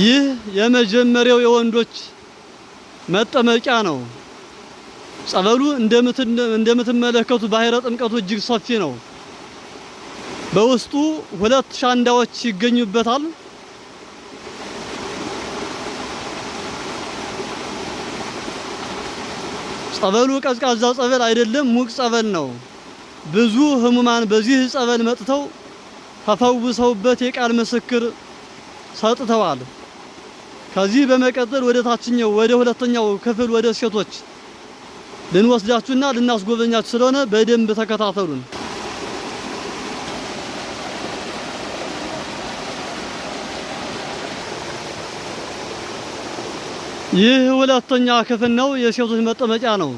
ይህ የመጀመሪያው የወንዶች መጠመቂያ ነው። ጸበሉ እንደምትመለከቱ ባህረ ጥምቀቱ እጅግ ሰፊ ነው። በውስጡ ሁለት ሻንዳዎች ይገኙበታል። ጸበሉ ቀዝቃዛ ጸበል አይደለም፣ ሙቅ ጸበል ነው። ብዙ ህሙማን በዚህ ጸበል መጥተው ተፈውሰውበት የቃል ምስክር ሰጥተዋል። ከዚህ በመቀጠል ወደ ታችኛው ወደ ሁለተኛው ክፍል ወደ ሴቶች ልንወስዳችሁና ልናስጎበኛችሁ ስለሆነ በደንብ ተከታተሉን። ይህ ሁለተኛ ክፍል ነው፣ የሴቶች መጠመቂያ ነው።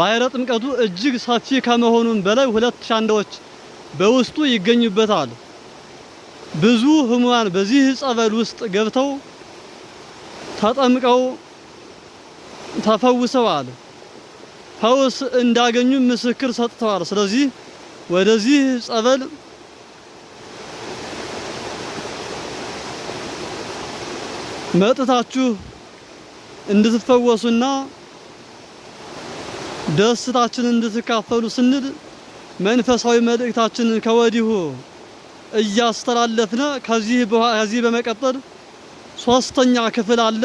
ባይረ ጥምቀቱ እጅግ ሰፊ ከመሆኑም በላይ ሁለት ሻንዳዎች በውስጡ ይገኙበታል። ብዙ ህሙማን በዚህ ጸበል ውስጥ ገብተው ተጠምቀው ተፈውሰዋል። ፈውስ እንዳገኙ ምስክር ሰጥተዋል። ስለዚህ ወደዚህ ጸበል መጥታችሁ እንድትፈወሱና ደስታችንን እንድትካፈሉ ስንል መንፈሳዊ መልእክታችንን ከወዲሁ እያስተላለፍነ ከዚህ በመቀጠል ሶስተኛ ክፍል አለ።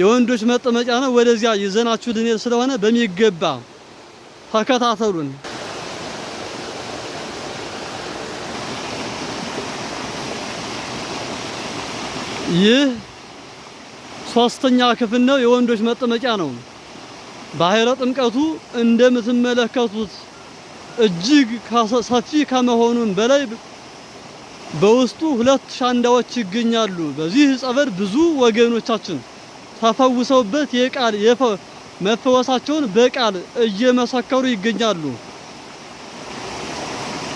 የወንዶች መጠመጫ ነው። ወደዚያ ይዘናችሁ ልንሄድ ስለሆነ በሚገባ ተከታተሉን። ይህ ሶስተኛ ክፍል ነው። የወንዶች መጠመቂያ ነው። ባህረ ጥምቀቱ እንደምትመለከቱት እጅግ ሰፊ ከመሆኑም በላይ በውስጡ ሁለት ሻንዳዎች ይገኛሉ። በዚህ ጸበል ብዙ ወገኖቻችን ተፈውሰውበት የቃል መፈወሳቸውን በቃል እየመሰከሩ ይገኛሉ።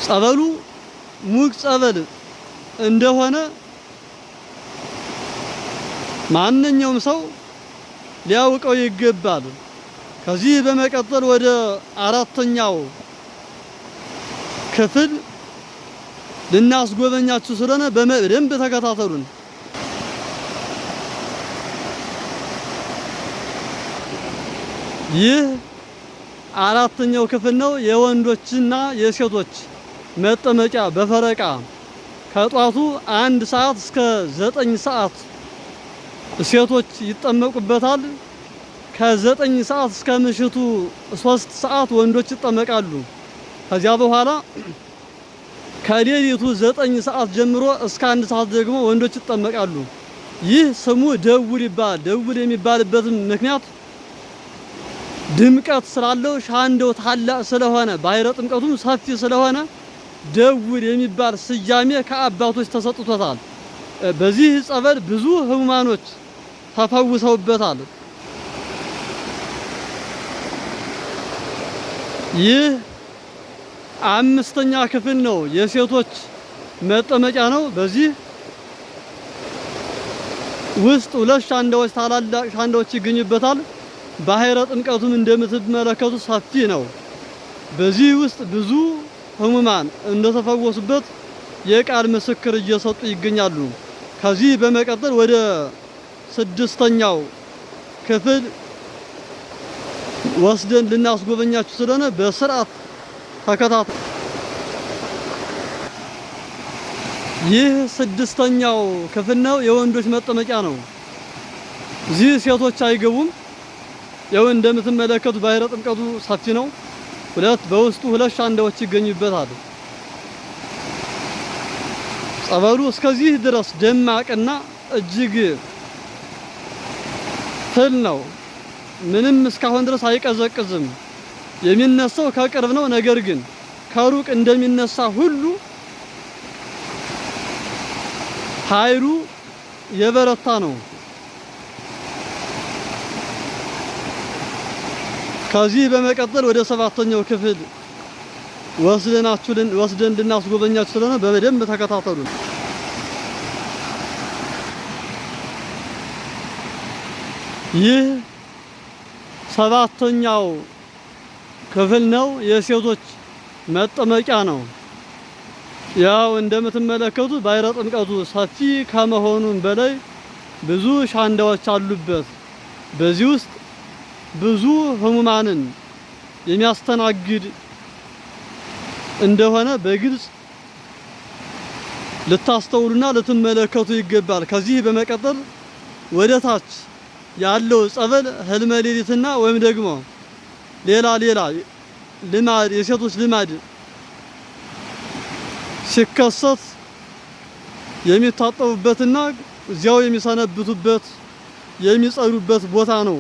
ጸበሉ ሙቅ ጸበል እንደሆነ ማንኛውም ሰው ሊያውቀው ይገባል። ከዚህ በመቀጠል ወደ አራተኛው ክፍል ልናስጎበኛችሁ ስለሆነ በደንብ ተከታተሉን። ይህ አራተኛው ክፍል ነው። የወንዶችና የሴቶች መጠመቂያ በፈረቃ ከጧቱ አንድ ሰዓት እስከ ዘጠኝ ሰዓት ሴቶች ይጠመቁበታል። ከዘጠኝ ሰዓት እስከ ምሽቱ ሶስት ሰዓት ወንዶች ይጠመቃሉ። ከዚያ በኋላ ከሌሊቱ ዘጠኝ ሰዓት ጀምሮ እስከ አንድ ሰዓት ደግሞ ወንዶች ይጠመቃሉ። ይህ ስሙ ደውል ይባላል። ደውል የሚባልበትም ምክንያት ድምቀት ስላለው ሻንደው ታላቅ ስለሆነ ባሕረ ጥምቀቱም ሰፊ ስለሆነ ደውል የሚባል ስያሜ ከአባቶች ተሰጥቶታል። በዚህ ጸበል ብዙ ህሙማኖች ተፈውሰውበታል። ይህ አምስተኛ ክፍል ነው። የሴቶች መጠመቂያ ነው። በዚህ ውስጥ ሁለት ሻንዳዎች፣ ታላላቅ ሻንዳዎች ይገኙበታል። ባህረ ጥምቀቱም እንደምትመለከቱ ሰፊ ነው። በዚህ ውስጥ ብዙ ህሙማን እንደተፈወሱበት የቃል ምስክር እየሰጡ ይገኛሉ። ከዚህ በመቀጠል ወደ ስድስተኛው ክፍል ወስደን ልናስጎበኛችሁ ስለሆነ በስርዓት ተከታተ ይህ ስድስተኛው ክፍል ነው። የወንዶች መጠመቂያ ነው። እዚህ ሴቶች አይገቡም። ያው እንደምትመለከቱ ባህረ ጥምቀቱ ሰፊ ነው። ሁለት በውስጡ ሁለት ሻንዳዎች ይገኙበታል። ጸበሉ እስከዚህ ድረስ ደማቅና እጅግ ፍል ነው። ምንም እስካሁን ድረስ አይቀዘቅዝም። የሚነሳው ከቅርብ ነው። ነገር ግን ከሩቅ እንደሚነሳ ሁሉ ኃይሉ የበረታ ነው። ከዚህ በመቀጠል ወደ ሰባተኛው ክፍል ወስደናችሁ ወስደን ልናስጎበኛችሁ ስለሆነ በደንብ ተከታተሉ። ይህ ሰባተኛው ክፍል ነው። የሴቶች መጠመቂያ ነው። ያው እንደምትመለከቱት ባሕረ ጥምቀቱ ሰፊ ከመሆኑም በላይ ብዙ ሻንዳዎች አሉበት። በዚህ ውስጥ ብዙ ሕሙማንን የሚያስተናግድ እንደሆነ በግልጽ ልታስተውሉና ልትመለከቱ ይገባል። ከዚህ በመቀጠል ወደ ታች ያለው ጸበል ህልመ ሌሊትና ወይም ደግሞ ሌላ ሌላ ልማድ የሴቶች ልማድ ሲከሰት የሚታጠቡበትና እዚያው የሚሰነብቱበት የሚጸዱበት ቦታ ነው።